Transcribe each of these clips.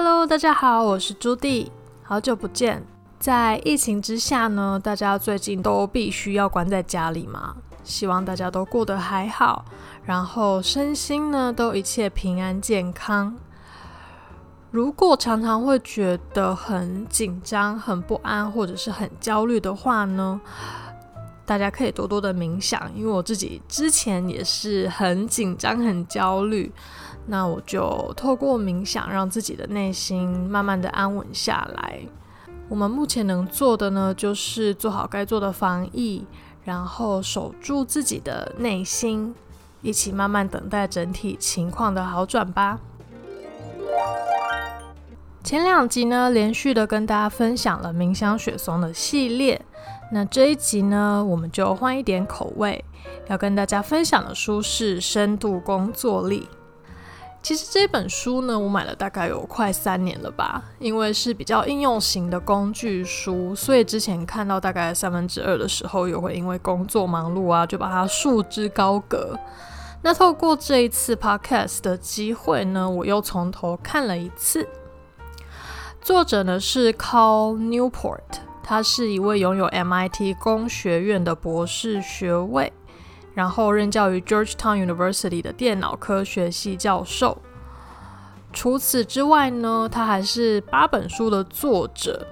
Hello，大家好，我是朱迪，好久不見。在疫情之下呢，大家最近都必須要關在家裡嘛。希望大家都過得還好，然後身心呢都一切平安健康。如果常常會覺得很緊張、很不安或者是很焦慮的話呢，大家可以多多的冥想，因為我自己之前也是很緊張、很焦慮。那我就透過冥想，讓自己的內心慢慢的安穩下來。我們目前能做的呢，就是做好該做的防疫，然後守住自己的內心，一起慢慢等待整體情況的好轉吧。前兩集呢，連續的跟大家分享了冥想雪松的系列。那這一集呢，我們就換一點口味，要跟大家分享的書是《深度工作力》。其實這本書呢，我買了大概有快三年了吧，因為是比較應用型的工具書，所以之前看到大概三分之二的時候，又會因為工作忙碌啊，就把它束之高閣。那透過這一次 podcast 的機會呢，我又從頭看了一次。作者呢是 Cal Newport，他是一位擁有 MIT 工學院的博士學位。然後任教於 Georgetown University 的電腦科學系教授，除此之外呢，他還是八本書的作者。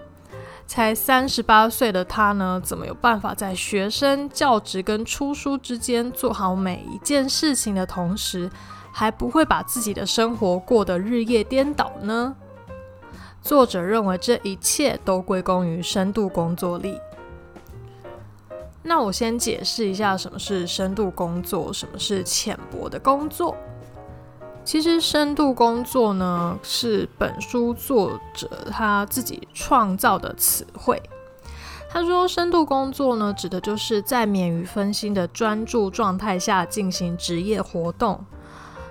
才三十八歲的他呢，怎麼有辦法在學生、教職跟出書之間做好每一件事情的同時，還不會把自己的生活過得日夜顛倒呢？作者認為這一切都歸功於深度工作力。那我先解釋一下，什麼是深度工作，什麼是淺薄的工作。其實，深度工作呢是本書作者他自己創造的詞彙。他說，深度工作呢指的就是在免於分心的專注狀態下進行職業活動。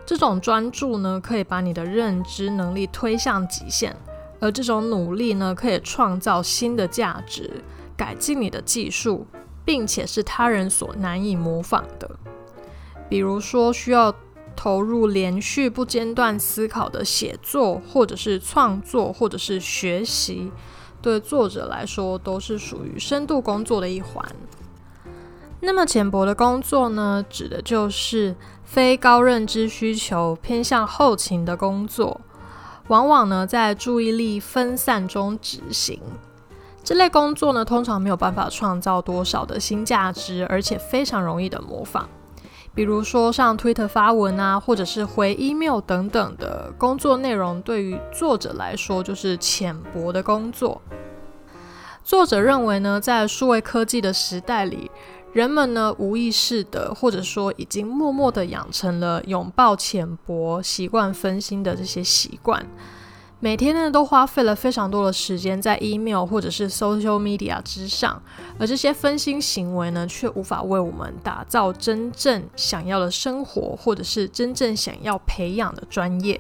這種專注呢可以把你的認知能力推向極限，而這種努力呢可以創造新的價值，改進你的技術。並且是他人所難以模仿的，比如說需要投入連續不間斷思考的寫作，或者是創作，或者是學習，對作者來說都是屬於深度工作的一環。那麼淺薄的工作呢，指的就是非高認知需求、偏向後勤的工作，往往呢在注意力分散中執行。這類工作呢，通常沒有辦法創造多少的新價值，而且非常容易的模仿。比如說，像 Twitter 發文啊，或者是回 email 等等的工作內容，對於作者來說就是淺薄的工作。作者認為呢，在數位科技的時代裡，人們呢無意識的，或者說已經默默的養成了擁抱淺薄、習慣分心的這些習慣。每天呢，都花費了非常多的時間在 email 或者是 social media 之上，而這些分心行為呢，卻無法為我們打造真正想要的生活，或者是真正想要培養的專業。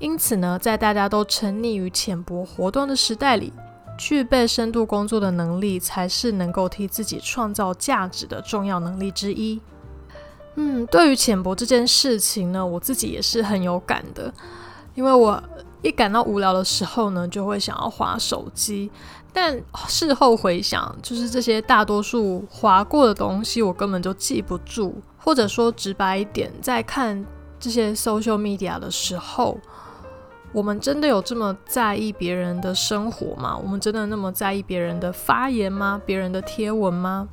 因此呢，在大家都沉溺於淺薄活動的時代裡，具備深度工作的能力，才是能夠替自己創造價值的重要能力之一。嗯，對於淺薄這件事情呢，我自己也是很有感的，因為我。一感到無聊的時候呢，就會想要滑手機。但事後回想，就是這些大多數滑過的東西，我根本就記不住。或者說直白一點，在看這些 social media 的時候，我們真的有這麼在意別人的生活嗎？我們真的那麼在意別人的發言嗎？別人的貼文嗎？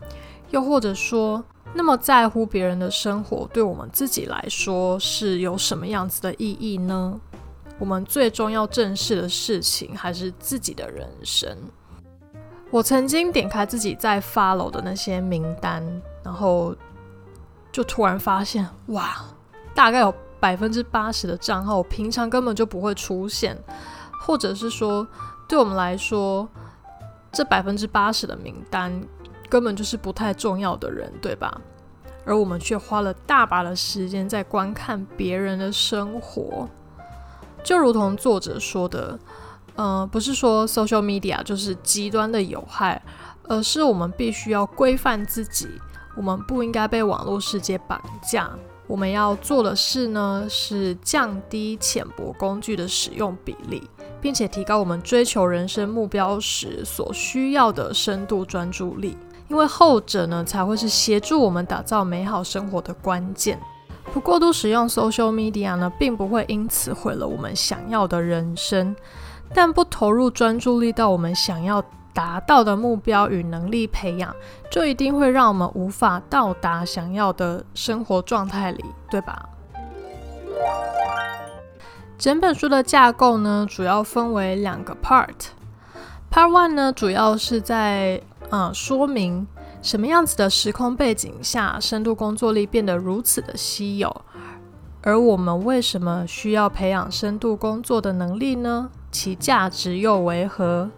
又或者說，那麼在乎別人的生活，對我們自己來說是有什麼樣子的意義呢？我們最終要正視的事情還是自己的人生。我曾經點開自己在 follow 的那些名單，然後就突然發現，哇，大概有百分之八十的賬號，我平常根本就不會出現，或者是說，對我們來說，這百分之八十的名單根本就是不太重要的人，對吧？而我們卻花了大把的時間在觀看別人的生活。就如同作者說的，呃，不是說 social media 就是極端的有害，而是我們必須要規範自己，我們不應該被網絡世界綁架。我們要做的事呢，是降低淺薄工具的使用比例，並且提高我們追求人生目標時所需要的深度專注力，因為後者呢，才會是協助我們打造美好生活的關鍵。不過度使用 social media 呢，並不會因此毀了我們想要的人生，但不投入專注力到我們想要達到的目標與能力培養，就一定會讓我們無法到達想要的生活狀態裡，對吧？整本書的架構呢，主要分為兩個 part，part part one 呢，主要是在啊、呃、說明。什麼樣子的時空背景下，深度工作力變得如此的稀有？而我們為什麼需要培養深度工作的能力呢？其價值又為何？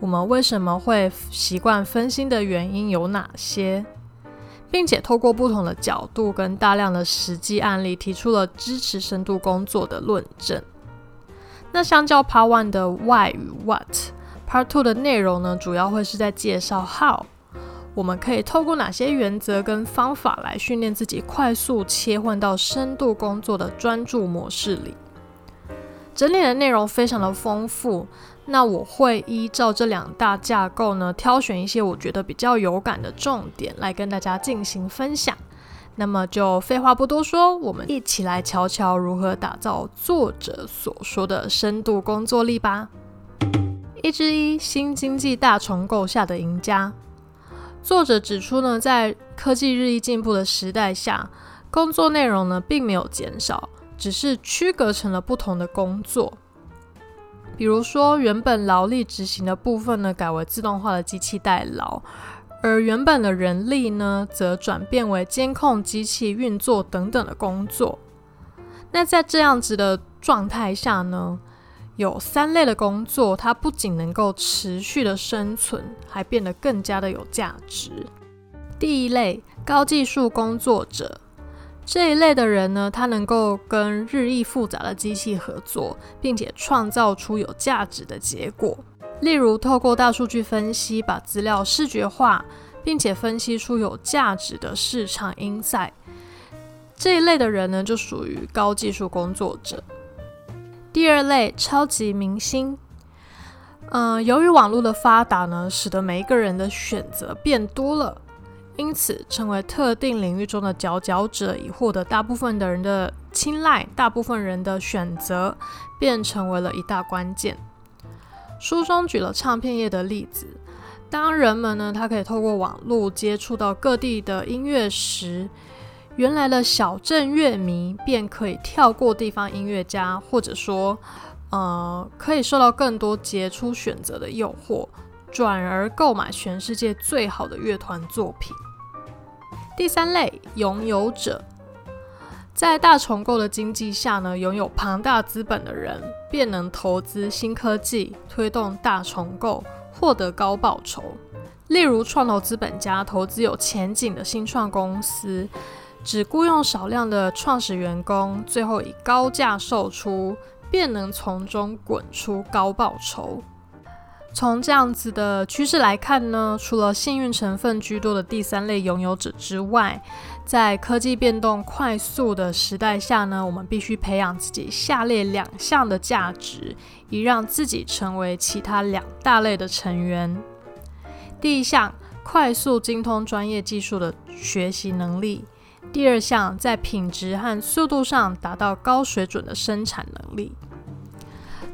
我們為什麼會習慣分心的原因有哪些？並且透過不同的角度跟大量的實際案例，提出了支持深度工作的論證。那相較 Part One 的 Why 與 What，Part Two 的內容呢，主要會是在介紹 How。我們可以透過哪些原則跟方法來訓練自己快速切換到深度工作的專注模式裡？整理的內容非常的豐富，那我會依照這兩大架構呢，挑選一些我覺得比較有感的重點來跟大家進行分享。那麼就廢話不多說，我們一起來瞧瞧如何打造作者所說的深度工作力吧。一之一，新經濟大重構下的贏家。作者指出呢，在科技日益進步的時代下，工作內容呢，並沒有減少，只是區隔成了不同的工作。比如說，原本勞力執行的部分呢，改為自動化的機器代勞，而原本的人力呢，則轉變為監控機器運作等等的工作。那在這樣子的狀態下呢？有三類的工作，它不僅能夠持續的生存，還變得更加的有價值。第一類高技術工作者，這一類的人呢，他能夠跟日益複雜的機器合作，並且創造出有價值的結果。例如，透過大數據分析，把資料視覺化，並且分析出有價值的市場 insight。這一類的人呢，就屬於高技術工作者。第二類超級明星。嗯、呃，由於網絡的發達呢，使得每一個人的選擇變多了，因此成為特定領域中的佼佼者，以獲得大部分的人的青睞。大部分人的選擇便成為了一大關鍵。書中舉了唱片業的例子，當人們呢，他可以透過網絡接觸到各地的音樂時，原來的小鎮樂迷便可以跳過地方音樂家，或者說，呃，可以受到更多傑出選擇的誘惑，轉而購買全世界最好的樂團作品。第三類擁有者，在大重構的經濟下呢，擁有龐大資本的人便能投資新科技，推動大重構，獲得高報酬。例如，創投資本家投資有前景的新創公司。只僱傭少量的創始員工，最後以高價售出，便能從中滾出高報酬。從這樣子的趨勢來看呢，除了幸運成分居多的第三類擁有者之外，在科技變動快速的時代下呢，我們必須培養自己下列兩項的價值，以讓自己成為其他兩大類的成員。第一項，快速精通專業技術的學習能力。第二項，在品質和速度上達到高水準的生產能力。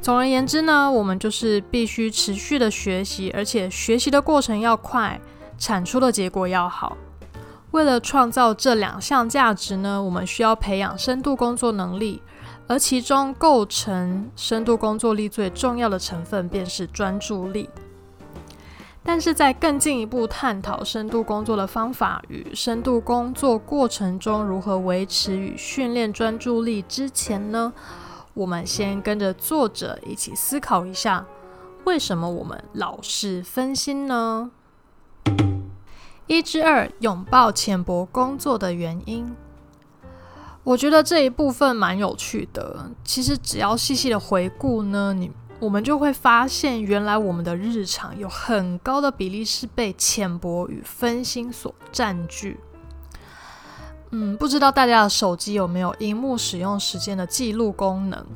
總而言之呢，我們就是必須持續的學習，而且學習的過程要快，產出的結果要好。為了創造這兩項價值呢，我們需要培養深度工作能力，而其中構成深度工作力最重要的成分，便是專注力。但是在更進一步探討深度工作的方法與深度工作過程中如何維持與訓練專注力之前呢，我們先跟着作者一起思考一下，為什麼我們老是分心呢？ 一之二，擁抱淺薄工作的原因。我覺得這一部分蠻有趣的。其實只要細細的回顧呢，你。我們就會發現，原來我們的日常有很高的比例是被淺薄與分心所佔據。嗯，不知道大家的手機有沒有熒幕使用時間的記錄功能？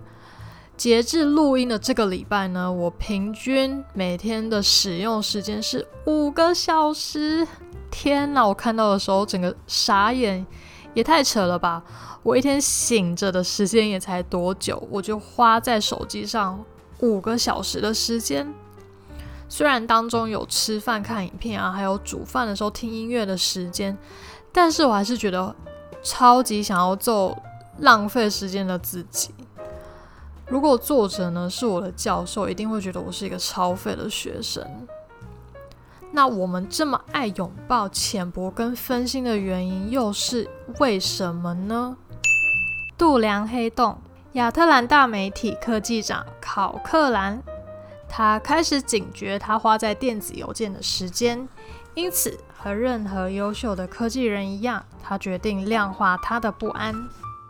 截至錄音的這個禮拜呢，我平均每天的使用時間是五個小時。天哪！我看到的時候，整個傻眼，也太扯了吧！我一天醒着的時間也才多久？我就花在手機上。五個小時的時間，雖然當中有吃飯、看影片啊，還有煮飯的時候聽音樂的時間，但是我還是覺得超級想要揍浪費時間的自己。如果作者呢是我的教授，一定會覺得我是一個超廢的學生。那我們這麼愛擁抱淺薄跟分心的原因又是為什麼呢？度量黑洞。亞特蘭大媒體科技長考克蘭，他開始警覺他花在電子郵件的時間。因此，和任何優秀的科技人一樣，他決定量化他的不安。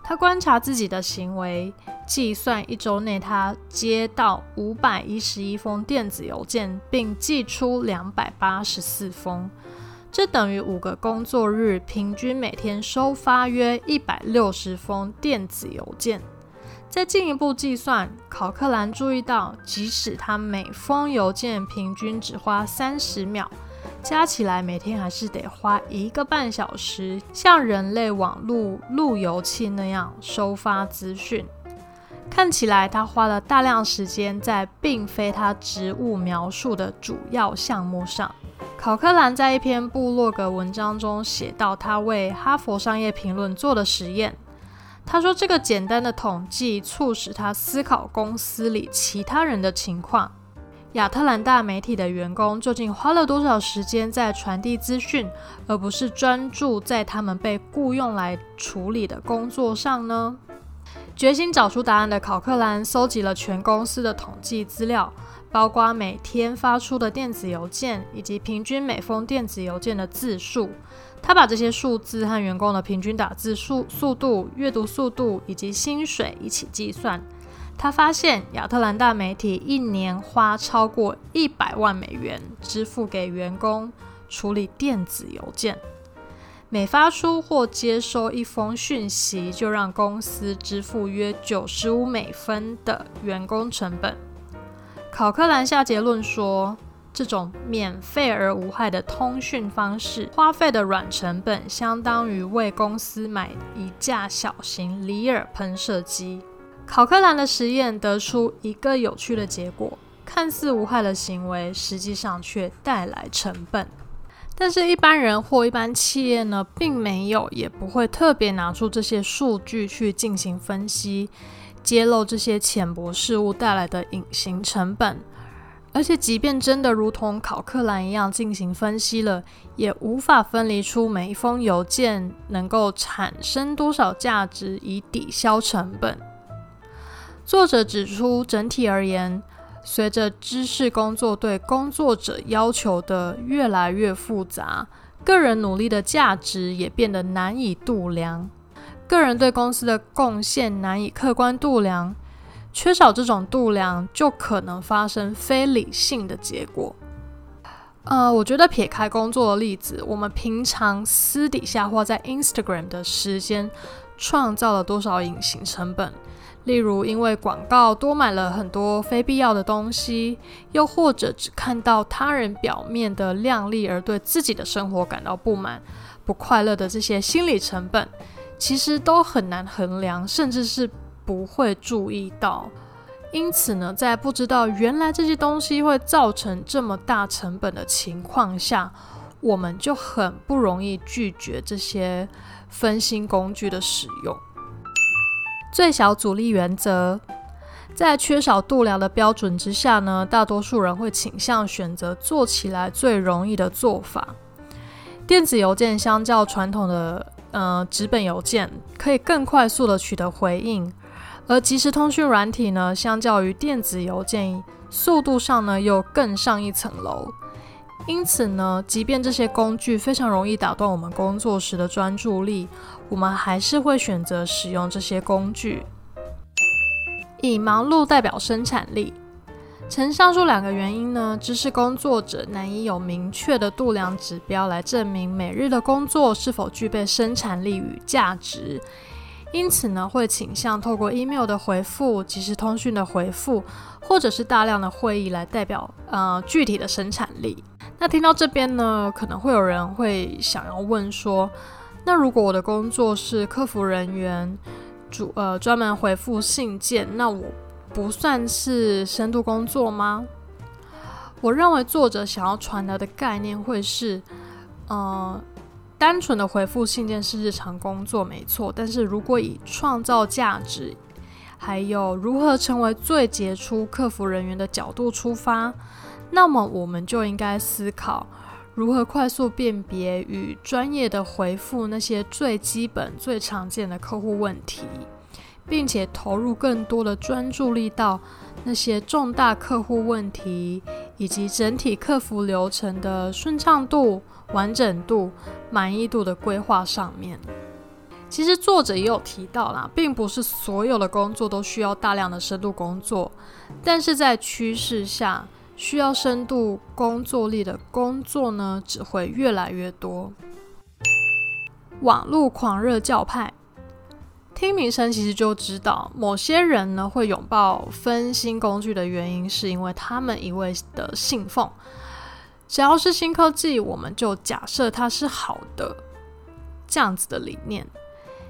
他觀察自己的行為，計算一周內他接到五百一十一封電子郵件，並寄出兩百八十四封。這等於五個工作日，平均每天收發約一百六十封電子郵件。再進一步計算，考克蘭注意到，即使他每封郵件平均只花三十秒，加起來每天還是得花一個半小時，像人類網路路由器那樣收發資訊。看起來他花了大量時間在並非他職務描述的主要項目上。考克蘭在一篇部落格文章中寫道，他為《哈佛商業評論》做的實驗。他說：“這個簡單的統計促使他思考公司裡其他人的情況。亞特蘭大媒體的員工究竟花了多少時間在傳遞資訊，而不是專注在他們被雇用來處理的工作上呢？”決心找出答案的考克蘭蒐集了全公司的統計資料，包括每天發出的電子郵件以及平均每封電子郵件的字數。他把這些數字，和員工的平均打字速速度、閱讀速度以及薪水一起計算，他發現亞特蘭大媒體一年花超過一百萬美元支付給員工處理電子郵件，每發出或接收一封訊息就讓公司支付約九十五美分的員工成本。考克蘭下結論說這種免費而無害的通訊方式，花費的軟成本相當於為公司買一架小型裡爾噴射機。考克蘭的實驗得出一個有趣的結果：看似無害的行為，實際上卻帶來成本。但是，一般人或一般企業呢，並沒有也不會特別拿出這些數據去進行分析，揭露這些淺薄事物帶來的隱形成本。而且，即便真的如同考克蘭一樣進行分析了，也無法分離出每一封郵件能夠產生多少價值以抵消成本。作者指出，整體而言，隨着知識工作對工作者要求的越來越複雜，個人努力的價值也變得難以度量，個人對公司的貢獻難以客觀度量。缺少這種度量，就可能發生非理性的結果。呃，我覺得撇開工作的例子，我們平常私底下花在 Instagram 的時間，創造了多少隱形成本？例如，因為廣告多買了很多非必要的東西，又或者只看到他人表面的靚麗而對自己的生活感到不滿、不快樂的這些心理成本，其實都很難衡量，甚至是。不會注意到，因此呢，在不知道原來這些東西會造成這麼大成本的情況下，我們就很不容易拒絕這些分心工具的使用。最小阻力原則，在缺少度量的標準之下呢，大多數人會傾向選擇做起來最容易的做法。電子郵件相較傳統的，呃，紙本郵件，可以更快速的取得回應。而即時通訊軟體呢，相較於電子郵件，速度上呢又更上一層樓。因此呢，即便這些工具非常容易打斷我們工作時的專注力，我們還是會選擇使用這些工具。以忙碌代表生產力。承上述兩個原因呢，知識工作者難以有明確的度量指標來證明每日的工作是否具備生產力與價值。因此呢會傾向透過 email 的回復、即時通訊的回復，或者是大量的會議來代表呃具體的生產力。那聽到這邊呢，可能會有人會想要問說：那如果我的工作是客服人員，主，主呃專門回復信件，那我不算是深度工作嗎？我認為作者想要傳達的概念會是，呃。單純的回覆信件是日常工作，沒錯。但是如果以創造價值，還有如何成為最傑出客服人員的角度出發，那麼我們就應該思考如何快速辨別與專業的回覆那些最基本、最常見的客戶問題，並且投入更多的專注力到那些重大客戶問題，以及整體客服流程的順暢度。完整度、滿意度的規劃上面，其實作者也有提到啦，並不是所有的工作都需要大量的深度工作，但是在趨勢下，需要深度工作力的工作呢，只會越來越多。網絡狂熱教派，聽名聲其實就知道，某些人呢會擁抱分心工具的原因，是因為他們一味的信奉。只要是新科技，我們就假設它是好的，這樣子的理念。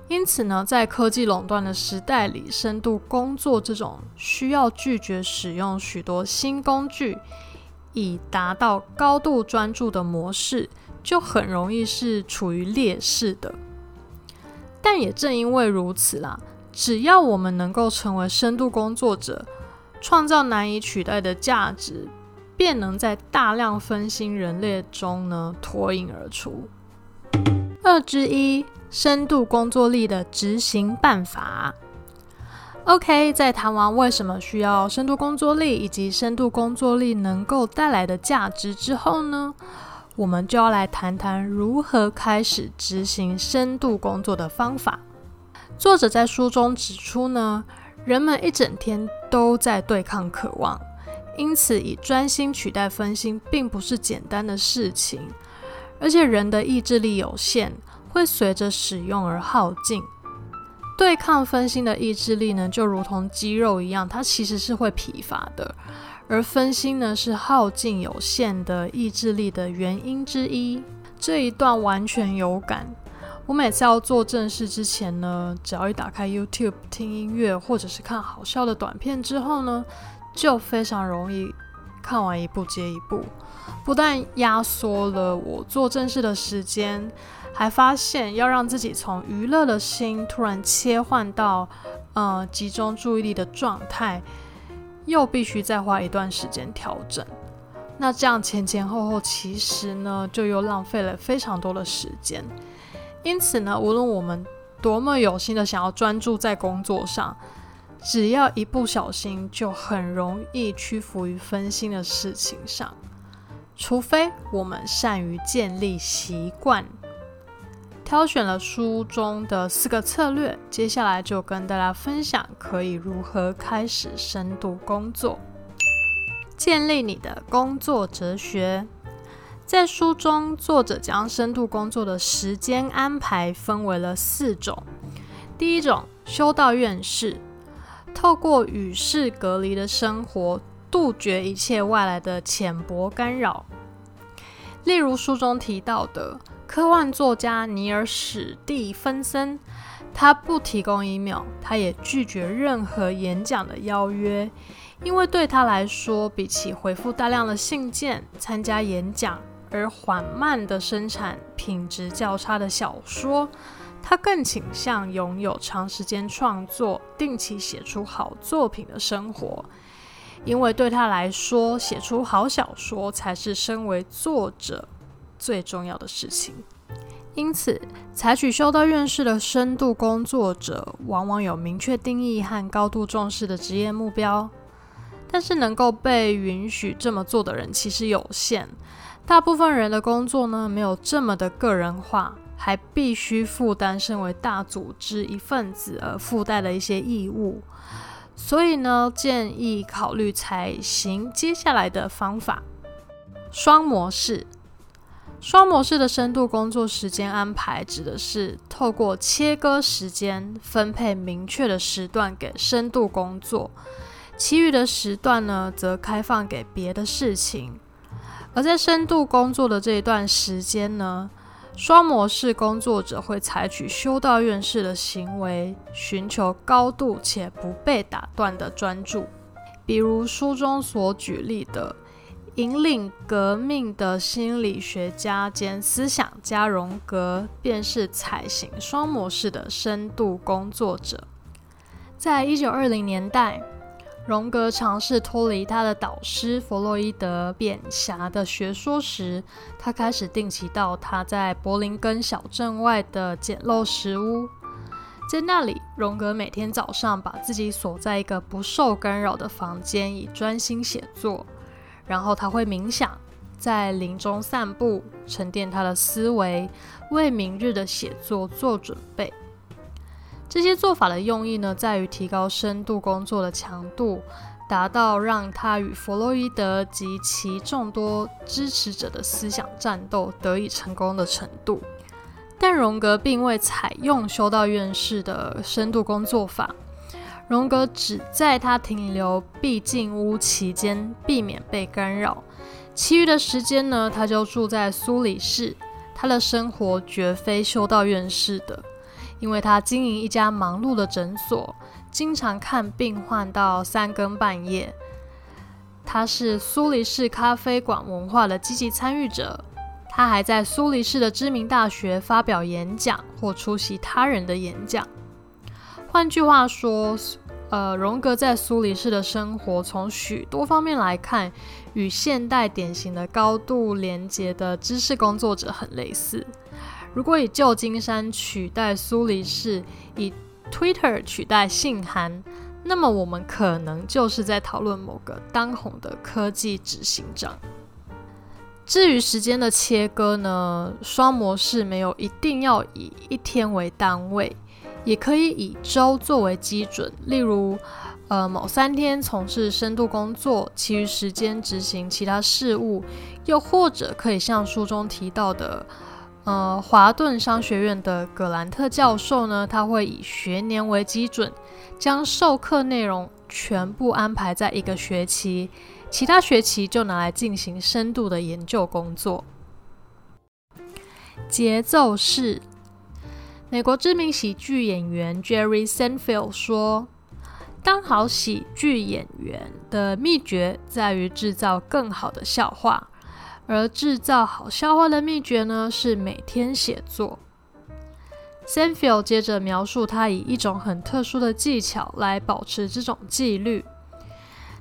因此呢，在科技壟斷的時代裡，深度工作這種需要拒絕使用許多新工具以達到高度專注的模式，就很容易是處於劣勢的。但也正因為如此啦，只要我們能夠成為深度工作者，創造難以取代的價值。便能在大量分心人類中呢脫穎而出。二之一，深度工作力的執行辦法。OK，在談完為什麼需要深度工作力以及深度工作力能夠帶來的價值之後呢，我們就要來談談如何開始執行深度工作的方法。作者在書中指出呢，人們一整天都在對抗渴望。因此，以專心取代分心，並不是簡單的事情。而且，人的意志力有限，會隨着使用而耗盡。對抗分心的意志力呢，就如同肌肉一樣，它其實是會疲乏的。而分心呢，是耗盡有限的意志力的原因之一。這一段完全有感。我每次要做正事之前呢，只要一打開 YouTube 聽音樂，或者是看好笑的短片之後呢。就非常容易看完一部接一部，不但壓縮了我做正事的時間，還發現要讓自己從娛樂的心突然切換到，呃，集中注意力的狀態，又必須再花一段時間調整。那這樣前前後後，其實呢，就又浪費了非常多的時間。因此呢，無論我們多麼有心的想要專注在工作上。只要一不小心，就很容易屈服於分心的事情上。除非我們善於建立習慣，挑選了書中的四個策略，接下來就跟大家分享可以如何開始深度工作，建立你的工作哲學。在書中，作者將深度工作的時間安排分為了四種。第一種，修道院式。透過與世隔離的生活，杜絕一切外來的淺薄干擾。例如書中提到的科幻作家尼爾·史蒂芬森，他不提供 email，他也拒絕任何演講的邀約，因為對他來說，比起回復大量的信件、參加演講而緩慢的生產品質較差的小說。他更傾向擁有長時間創作、定期寫出好作品的生活，因為對他來說，寫出好小說才是身為作者最重要的事情。因此，採取修道院式的深度工作者，往往有明確定義和高度重視的職業目標。但是，能夠被允許這麼做的人其實有限。大部分人的工作呢，沒有這麼的個人化。還必須負擔身為大組織一份子而附帶的一些義務，所以呢，建議考慮採行接下來的方法：雙模式。雙模式的深度工作時間安排，指的是透過切割時間，分配明確的時段給深度工作，其餘的時段呢，則開放給別的事情。而在深度工作的這一段時間呢？雙模式工作者會採取修道院式的行為，尋求高度且不被打斷的專注，比如書中所舉例的，引領革命的心理學家兼思想家榮格，便是採行雙模式的深度工作者，在一九二零年代。榮格嘗試脫離他的導師弗洛伊德變狹的學說時，他開始定期到他在柏林根小鎮外的簡陋石屋，在那裡，榮格每天早上把自己鎖在一個不受干擾的房間，以專心寫作。然後他會冥想，在林中散步，沉澱他的思維，為明日的寫作做準備。這些做法的用意呢，在於提高深度工作的強度，達到讓他與弗洛伊德及其眾多支持者的思想戰鬥得以成功的程度。但榮格並未採用修道院式的深度工作法，榮格只在他停留避靜屋期間避免被干擾，其餘的時間呢，他就住在蘇黎世，他的生活絕非修道院式的。因為他經營一家忙碌的診所，經常看病患到三更半夜。他是蘇黎世咖啡館文化的積極參與者，他還在蘇黎世的知名大學發表演講或出席他人的演講。換句話說，呃，榮格在蘇黎世的生活從許多方面來看，與現代典型的高度連結的知識工作者很類似。如果以舊金山取代蘇黎世，以 Twitter 取代信函，那麼我們可能就是在討論某個當紅的科技執行長。至於時間的切割呢？雙模式沒有一定要以一天為單位，也可以以周作為基準。例如，呃，某三天從事深度工作，其餘時間執行其他事務，又或者可以像書中提到的。呃，華頓商學院的葛蘭特教授呢，他會以學年為基準，將授課內容全部安排在一個學期，其他學期就拿來進行深度的研究工作。節奏是，美國知名喜劇演員 Jerry Seinfeld 說：“當好喜劇演員的秘訣在於制造更好的笑話。”而製造好笑話的秘訣呢，是每天寫作。Seinfeld 接着描述他以一種很特殊的技巧來保持這種紀律。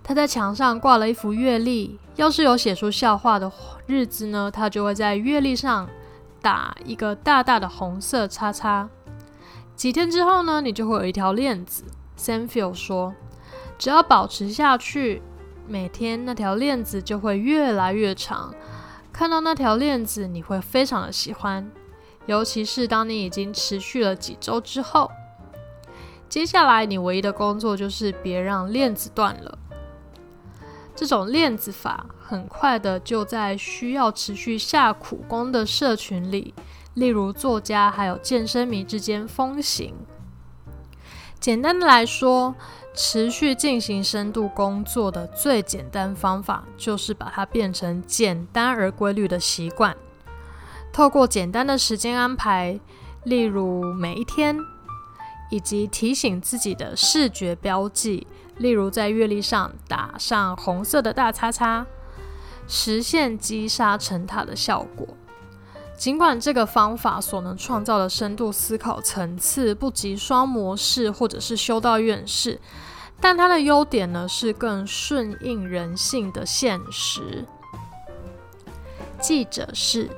他在牆上掛了一幅月曆，要是有寫出笑話的日子呢，他就會在月曆上打一個大大的紅色叉叉。幾天之後呢，你就會有一條鏈子。Seinfeld 說，只要保持下去，每天那條鏈子就會越來越長。看到那條鏈子，你會非常的喜歡，尤其是當你已經持續了幾周之後。接下來，你唯一的工作就是別讓鏈子斷了。這種鏈子法很快的就在需要持續下苦功的社群裡，例如作家還有健身迷之間風行。簡單的來說，持續進行深度工作的最簡單方法，就是把它變成簡單而規律的習慣。透過簡單的時間安排，例如每一天，以及提醒自己的視覺標記，例如在月曆上打上紅色的大叉叉，實現積沙成塔的效果。儘管這個方法所能創造的深度思考層次不及雙模式或者是修道院式，但它的優點呢是更順應人性的現實。記者式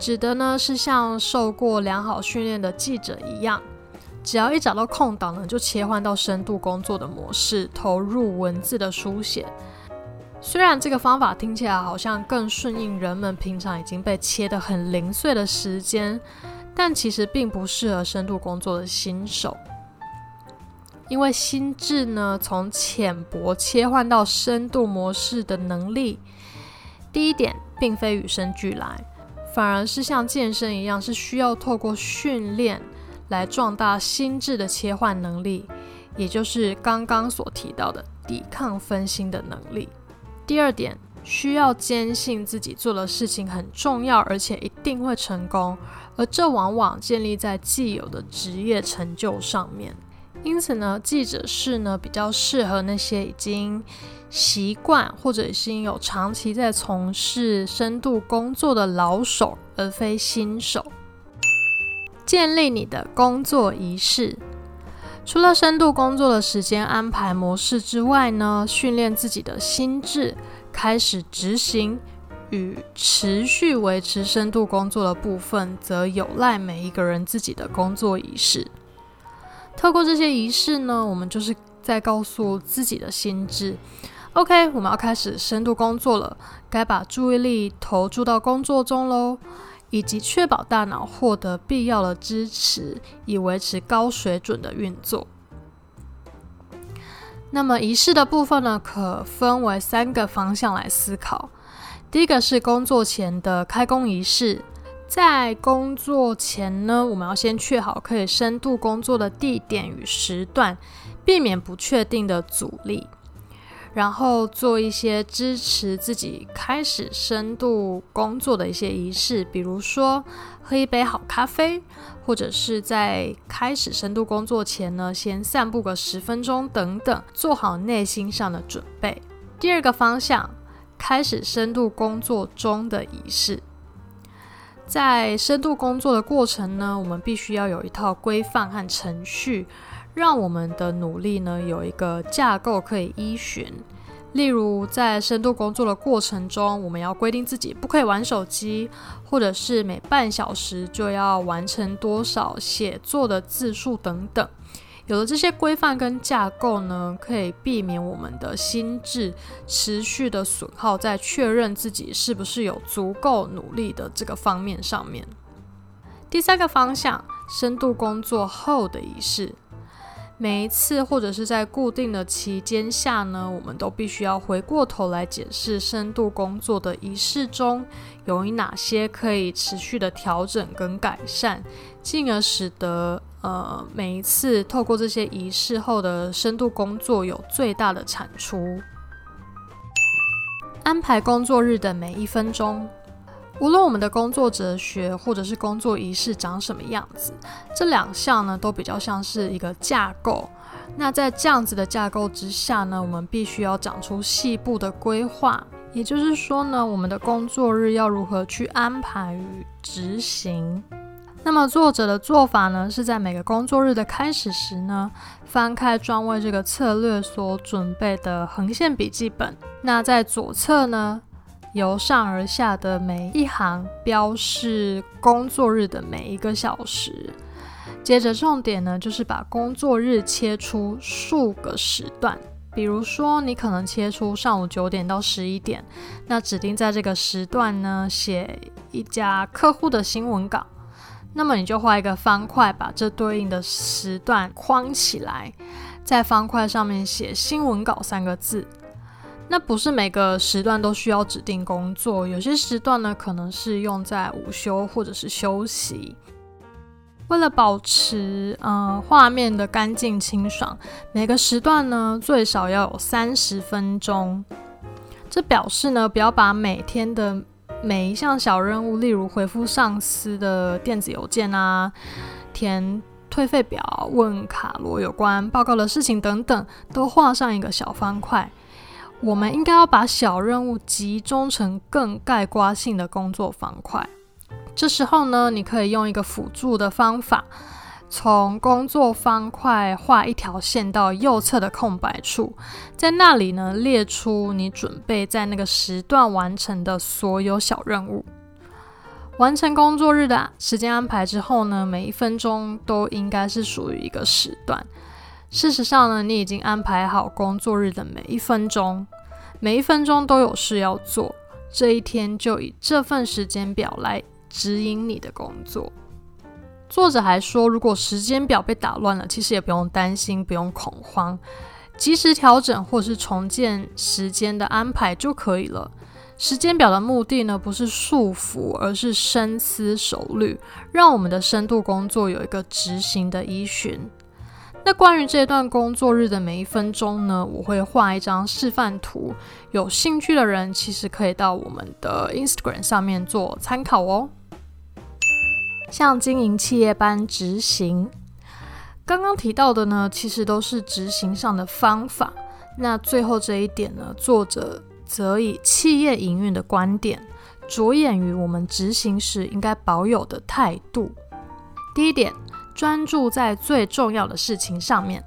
指的呢是像受過良好訓練的記者一樣，只要一找到空檔呢，就切換到深度工作的模式，投入文字的書寫。雖然這個方法聽起來好像更順應人們平常已經被切得很零碎的時間，但其實並不適合深度工作的新手，因為心智呢從淺薄切換到深度模式的能力，第一點並非與生俱來，反而是像健身一樣，是需要透過訓練來壯大心智的切換能力，也就是剛剛所提到的抵抗分心的能力。第二點，需要堅信自己做的事情很重要，而且一定會成功，而這往往建立在既有的職業成就上面。因此呢，記者式呢比較適合那些已經習慣或者已經有長期在從事深度工作的老手，而非新手。建立你的工作儀式。除了深度工作的時間安排模式之外呢，訓練自己的心智，開始執行與持續維持深度工作的部分，則有賴每一個人自己的工作儀式。透過這些儀式呢，我們就是在告訴自己的心智，OK，我們要開始深度工作了，該把注意力投注到工作中嘍。以及確保大腦獲得必要的支持，以維持高水準的運作。那麼儀式的部分呢，可分為三個方向來思考。第一個是工作前的開工儀式，在工作前呢，我們要先確好可以深度工作的地點與時段，避免不確定的阻力。然後做一些支持自己開始深度工作的一些儀式，比如說喝一杯好咖啡，或者是在開始深度工作前呢，先散步個十分鐘等等，做好內心上的準備。第二個方向，開始深度工作中的儀式，在深度工作的過程呢，我們必須要有一套規範和程序。讓我們的努力呢，有一個架構可以依循，例如在深度工作的過程中，我們要規定自己不可以玩手機，或者是每半小時就要完成多少寫作的字數等等。有了這些規範跟架構呢，可以避免我們的心智持續的損耗在確認自己是不是有足夠努力的這個方面上面。第三個方向，深度工作後的儀式。每一次，或者是在固定的期間下呢，我們都必須要回過頭來解釋深度工作的儀式中，有哪些可以持續的調整跟改善，進而使得呃每一次透過這些儀式後的深度工作有最大的產出。安排工作日的每一分鐘。無論我們的工作哲學或者是工作儀式長什麼樣子，這兩項呢都比較像是一個架構。那在這樣子的架構之下呢，我們必須要講出細部的規劃。也就是說呢，我們的工作日要如何去安排與執行。那麼作者的做法呢，是在每個工作日的開始時呢，翻開專為這個策略所準備的橫線筆記本。那在左側呢？由上而下的每一行標示工作日的每一個小時，接着重點呢就是把工作日切出數個時段，比如說你可能切出上午九點到十一點，那指定在這個時段呢寫一家客戶的新聞稿，那麼你就畫一個方塊，把這對應的時段框起來，在方塊上面寫“新聞稿”三個字。那不是每個時段都需要指定工作，有些時段呢可能是用在午休或者是休息。為了保持嗯、呃、畫面的乾淨清爽，每個時段呢最少要有三十分鐘。這表示呢，不要把每天的每一項小任務，例如回復上司的電子郵件啊、填退費表、問卡羅有關報告的事情等等，都畫上一個小方塊。我們應該要把小任務集中成更概括性的工作方塊。這時候呢，你可以用一個輔助的方法，從工作方塊畫一條線到右側的空白處，在那裡呢，列出你準備在那個時段完成的所有小任務。完成工作日的時間安排之後呢，每一分鐘都應該是屬於一個時段。事實上呢，你已經安排好工作日的每一分鐘，每一分鐘都有事要做。這一天就以這份時間表來指引你的工作。作者還說，如果時間表被打亂了，其實也不用擔心，不用恐慌，及時調整或是重建時間的安排就可以了。時間表的目的呢，不是束縛，而是深思熟慮，讓我們的深度工作有一個執行的依循。那關於這段工作日的每一分鐘呢，我會畫一張示範圖，有興趣的人其實可以到我們的 Instagram 上面做參考哦。像經營企業般執行，剛剛提到的呢，其實都是執行上的方法。那最後這一點呢，作者則以企業營運的觀點，着眼於我們執行時應該保有的態度。第一點。專注在最重要的事情上面，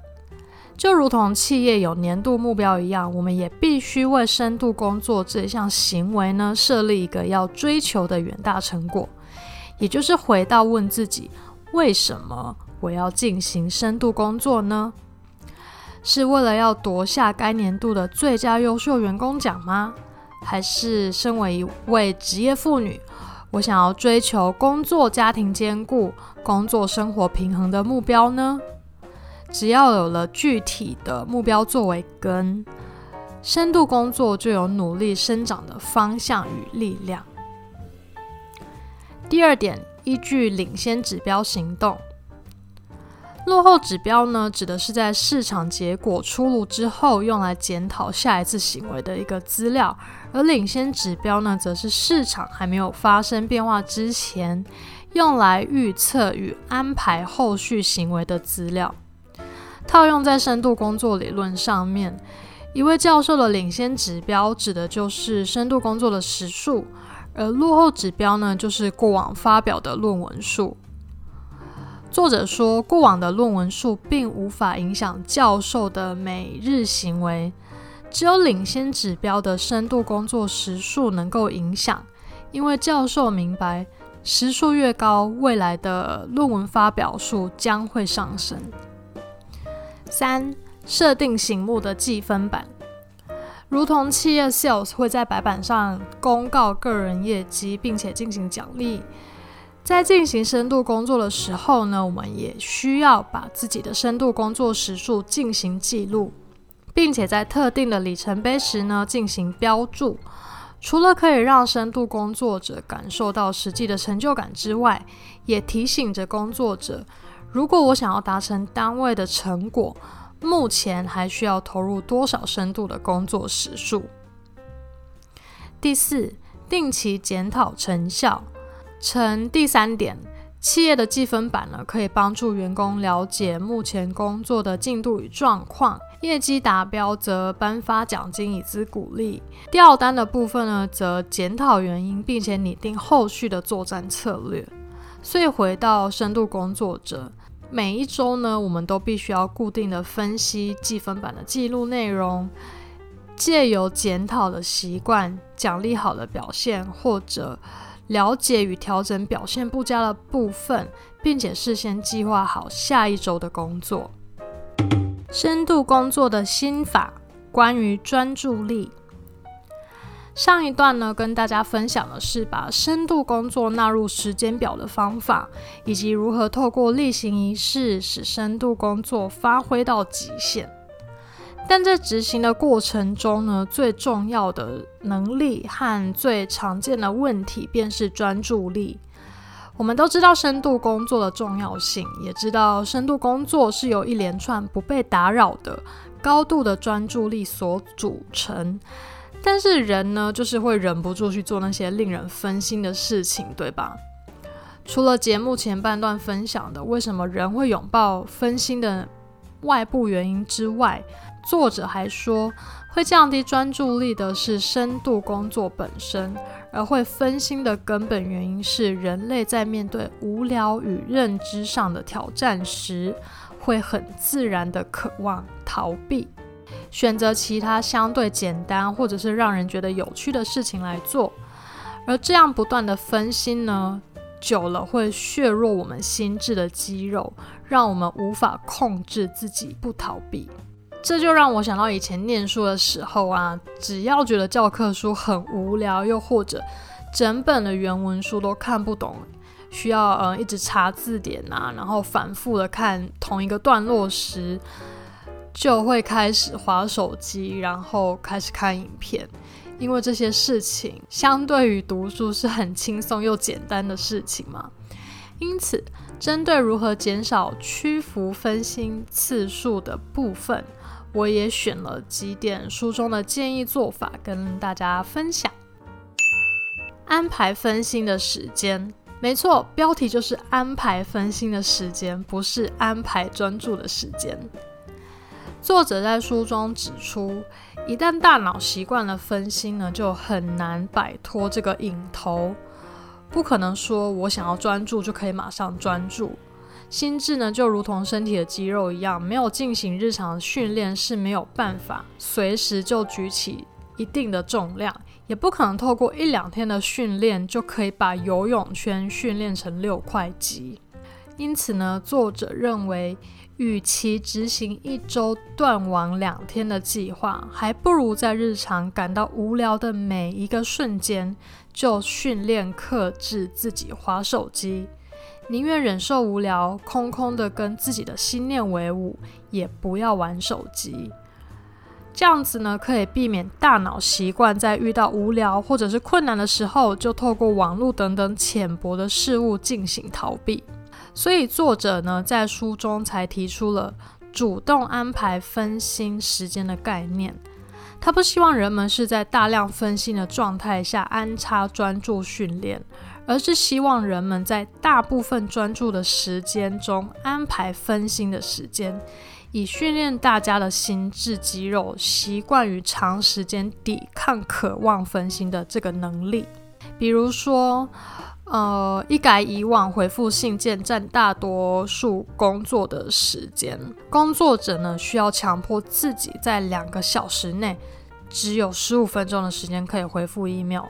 就如同企業有年度目標一樣，我們也必須為深度工作這項行為呢設立一個要追求的遠大成果，也就是回到問自己：為什麼我要進行深度工作呢？是為了要奪下該年度的最佳優秀員工獎嗎？還是身為一位職業婦女？我想要追求工作家庭兼顧、工作生活平衡的目標呢？只要有了具體的目標作為根，深度工作就有努力生長的方向與力量。第二點，依據領先指標行動。落後指標呢，指的是在市場結果出爐之後，用來檢討下一次行為的一個資料；而領先指標呢，則是市場還沒有發生變化之前，用來預測與安排後續行為的資料。套用在深度工作理論上面，一位教授的領先指標指的就是深度工作的時數，而落後指標呢，就是過往發表的論文數。作者說過往的論文數並無法影響教授的每日行為，只有領先指標的深度工作時數能夠影響，因為教授明白時數越高，未來的論文發表數將會上升。三、設定醒目的記分板，如同企業 sales 會在白板上公告個人業績，並且進行獎勵。在進行深度工作的時候呢，我們也需要把自己的深度工作時數進行記錄，並且在特定的里程碑時呢，進行標注。除了可以讓深度工作者感受到實際的成就感之外，也提醒着工作者：如果我想要達成單位的成果，目前還需要投入多少深度的工作時數？第四，定期檢討成效。成第三點，企業的記分板呢，可以幫助員工了解目前工作的進度與狀況，業績達標則頒發獎金以資鼓勵。掉單的部分呢，則檢討原因，並且擬定後續的作戰策略。所以回到深度工作者，每一周呢，我們都必須要固定的分析記分板的記錄內容，借由檢討的習慣，獎勵好的表現或者。了解與調整表現不佳的部分，並且事先計劃好下一周的工作。深度工作的心法，關於專注力。上一段呢，跟大家分享的是把深度工作納入時間表的方法，以及如何透過例行儀式，使深度工作發揮到極限。但在執行的過程中呢，最重要的能力和最常見的問題便是專注力。我們都知道深度工作的重要性，也知道深度工作是由一連串不被打擾的、高度的專注力所組成。但是人呢，就是會忍不住去做那些令人分心的事情，對吧？除了節目前半段分享的為什麼人會擁抱分心的外部原因之外，作者還說，會降低專注力的是深度工作本身，而會分心的根本原因是人類在面對無聊與認知上的挑戰時，會很自然的渴望逃避，選擇其他相對簡單或者是讓人覺得有趣的事情來做。而這樣不斷的分心呢，久了會削弱我們心智的肌肉，讓我們無法控制自己不逃避。這就讓我想到以前念書的時候啊，只要覺得教科書很無聊，又或者整本的原文書都看不懂，需要嗯一直查字典吶、啊，然後反複的看同一個段落時，就會開始滑手機，然後開始看影片，因為這些事情相對於讀書是很輕鬆又簡單的事情嘛。因此，針對如何減少屈服分心次數的部分。我也選了幾點書中的建議做法跟大家分享。安排分心的時間，沒錯，標題就是安排分心的時間，不是安排專注的時間。作者在書中指出，一旦大腦習慣了分心呢，就很難擺脫這個癮頭，不可能說我想要專注就可以馬上專注。心智呢，就如同身體的肌肉一樣，沒有進行日常訓練是沒有辦法隨時就舉起一定的重量，也不可能透過一兩天的訓練就可以把游泳圈訓練成六塊肌。因此呢，作者認為，與其執行一週斷網兩天的計劃，還不如在日常感到無聊的每一個瞬間就訓練克制自己滑手機。寧願忍受無聊、空空的跟自己的心念為伍，也不要玩手機。這樣子呢，可以避免大腦習慣在遇到無聊或者是困難的時候，就透過網絡等等淺薄的事物進行逃避。所以，作者呢在書中才提出了主動安排分心時間的概念。他不希望人們是在大量分心的狀態下安插專注訓練。而是希望人們在大部分專注的時間中安排分心的時間，以訓練大家的心智肌肉，習慣於長時間抵抗渴望分心的這個能力。比如說，呃，一改以往回復信件佔大多數工作的時間，工作者呢需要強迫自己在兩個小時內，只有十五分鐘的時間可以回復 email。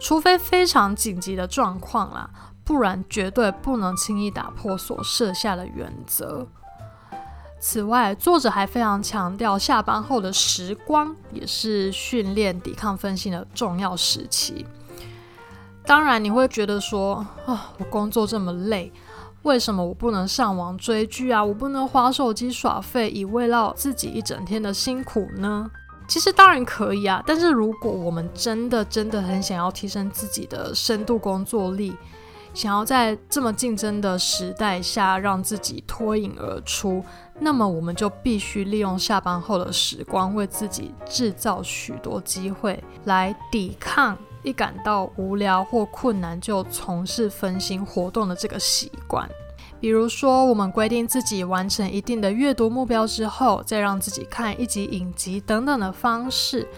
除非非常緊急的狀況啦、啊，不然絕對不能輕易打破所設下的原則。此外，作者還非常強調，下班後的時光也是訓練抵抗分心的重要時期。當然，你會覺得說，啊，我工作這麼累，為什麼我不能上網追劇啊？我不能滑手機耍廢，以慰勞自己一整天的辛苦呢？其實當然可以啊，但是如果我們真的真的很想要提升自己的深度工作力，想要在這麼競爭的時代下讓自己脫穎而出，那麼我們就必須利用下班後的時光，為自己制造許多機會，來抵抗一感到無聊或困難就從事分心活動的這個習慣。比如說，我們規定自己完成一定的閱讀目標之後，再讓自己看一集影集等等的方式，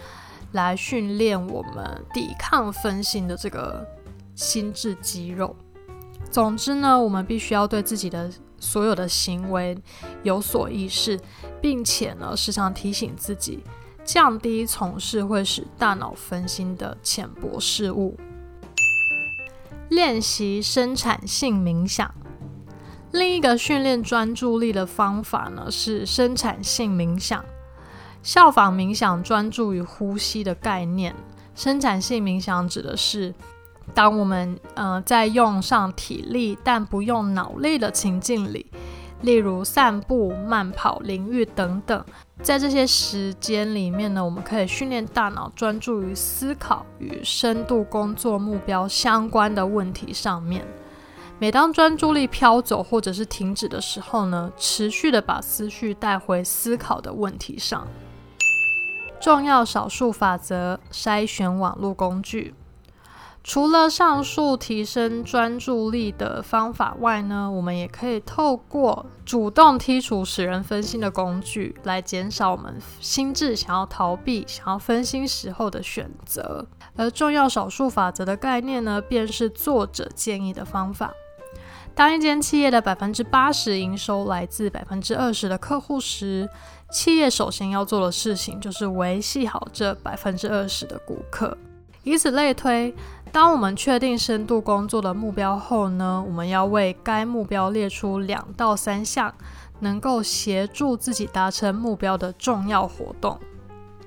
來訓練我們抵抗分心的這個心智肌肉。總之呢，我們必須要對自己的所有的行為有所意識，並且呢，時常提醒自己，降低從事會使大腦分心的淺薄事物。練習生產性冥想。另一個訓練專注力的方法呢，是生產性冥想。效仿冥想專注於呼吸的概念，生產性冥想指的是，當我們呃在用上體力但不用腦力的情境裡，例如散步、慢跑、淋浴等等，在這些時間裡面呢，我們可以訓練大腦專注於思考與深度工作目標相關的問題上面。每當專注力飄走或者是停止的時候呢，持續的把思緒帶回思考的問題上。重要少數法則篩選網絡工具。除了上述提升專注力的方法外呢，我們也可以透過主動剔除使人分心的工具，來減少我們心智想要逃避、想要分心時候的選擇。而重要少數法則的概念呢，便是作者建議的方法。當一間企業的百分之八十營收來自百分之二十的客戶時，企業首先要做的事情就是維繫好這百分之二十的顧客。以此類推，當我們確定深度工作的目標後呢，我們要為該目標列出兩到三項能夠協助自己達成目標的重要活動，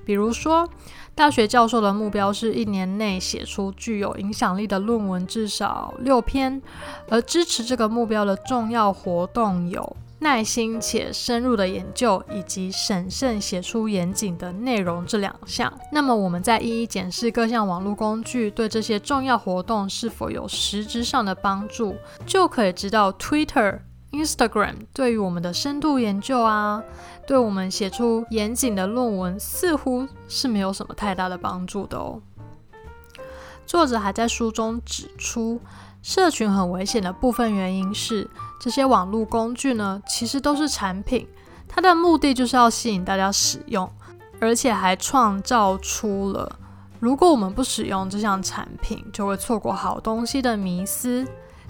比如說。大學教授的目標是一年內寫出具有影響力的論文至少六篇，而支持這個目標的重要活動有耐心且深入的研究，以及審慎寫出嚴謹的內容這兩項。那麼，我們再一一檢視各項網絡工具對這些重要活動是否有實質上的幫助，就可以知道 Twitter、Instagram 對於我們的深度研究啊。對我們寫出嚴謹的論文似乎是沒有什麼太大的幫助的哦。作者還在書中指出，社群很危險的部分原因是，這些網絡工具呢，其實都是產品，它的目的就是要吸引大家使用，而且還創造出了如果我們不使用這項產品，就會錯過好東西的迷思。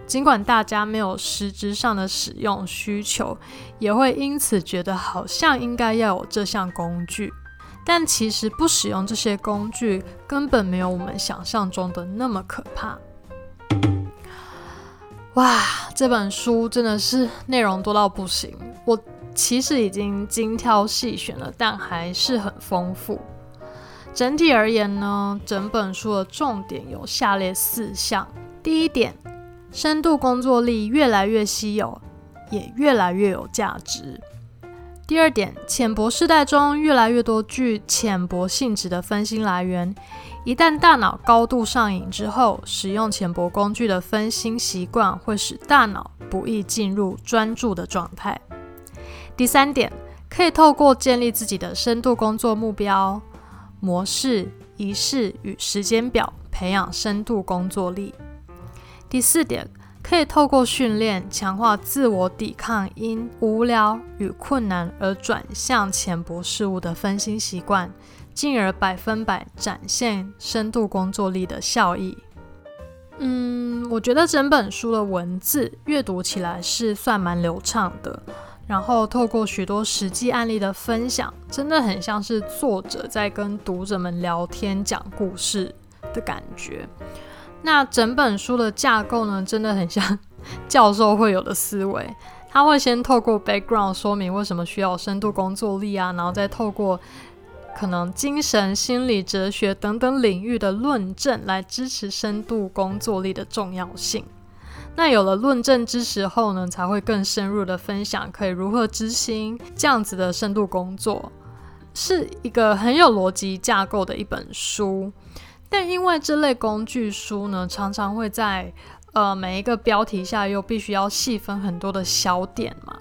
儘管大家沒有實質上的使用需求，也會因此覺得好像應該要有這項工具。但其實不使用這些工具，根本沒有我們想象中的那麼可怕。哇，這本書真的是內容多到不行！我其實已經精挑細選了，但還是很豐富。整體而言呢，整本書的重點有下列四項：第一點。深度工作力越來越稀有，也越來越有價值。第二點，淺薄世代中越來越多具淺薄性質的分心來源，一旦大腦高度上癮之後，使用淺薄工具的分心習慣會使大腦不易進入專注的狀態。第三點，可以透過建立自己的深度工作目標、模式、儀式與時間表，培養深度工作力。第四點，可以透過訓練強化自我抵抗因無聊與困難而轉向淺薄事物的分心習慣，進而百分百展現深度工作力的效益。嗯，我覺得整本書的文字閱讀起來是算蠻流暢的，然後透過許多實際案例的分享，真的很像是作者在跟讀者們聊天講故事的感覺。那整本書的架構呢，真的很像 教授會有的思維。他會先透過 background 說明為什麼需要深度工作力啊，然後再透過可能精神、心理、哲學等等領域的論證來支持深度工作力的重要性。那有了論證支持後呢，才會更深入的分享可以如何執行這樣子的深度工作，是一個很有邏輯架構的一本書。但因為這類工具書呢，常常會在呃每一個標題下又必須要細分很多的小點嘛，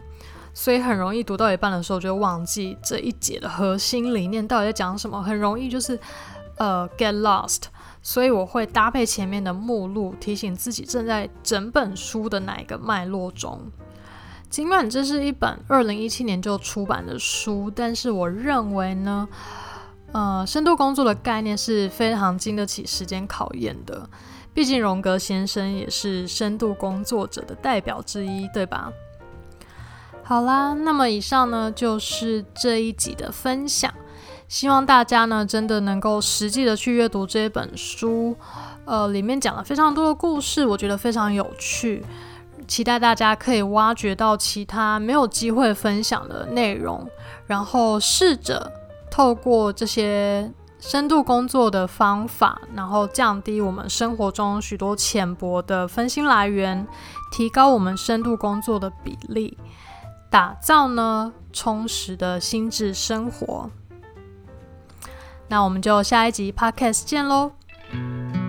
所以很容易讀到一半的時候就忘記這一節的核心理念到底在講什麼，很容易就是呃 get lost。所以我會搭配前面的目錄提醒自己正在整本書的哪一個脈絡中。儘管這是一本二零一七年就出版的書，但是我認為呢，呃，深度工作的概念是非常經得起時間考驗的，畢竟榮格先生也是深度工作者的代表之一，對吧？好啦，那麼以上呢就是這一集的分享，希望大家呢真的能夠實際的去閱讀這本書，呃，裡面講了非常多的故事，我覺得非常有趣，期待大家可以挖掘到其他沒有機會分享的內容，然後試着。透過這些深度工作的方法，然後降低我們生活中許多淺薄的分心來源，提高我們深度工作的比例，打造呢充實的心智生活。那我們就下一集 Podcast 見嘍！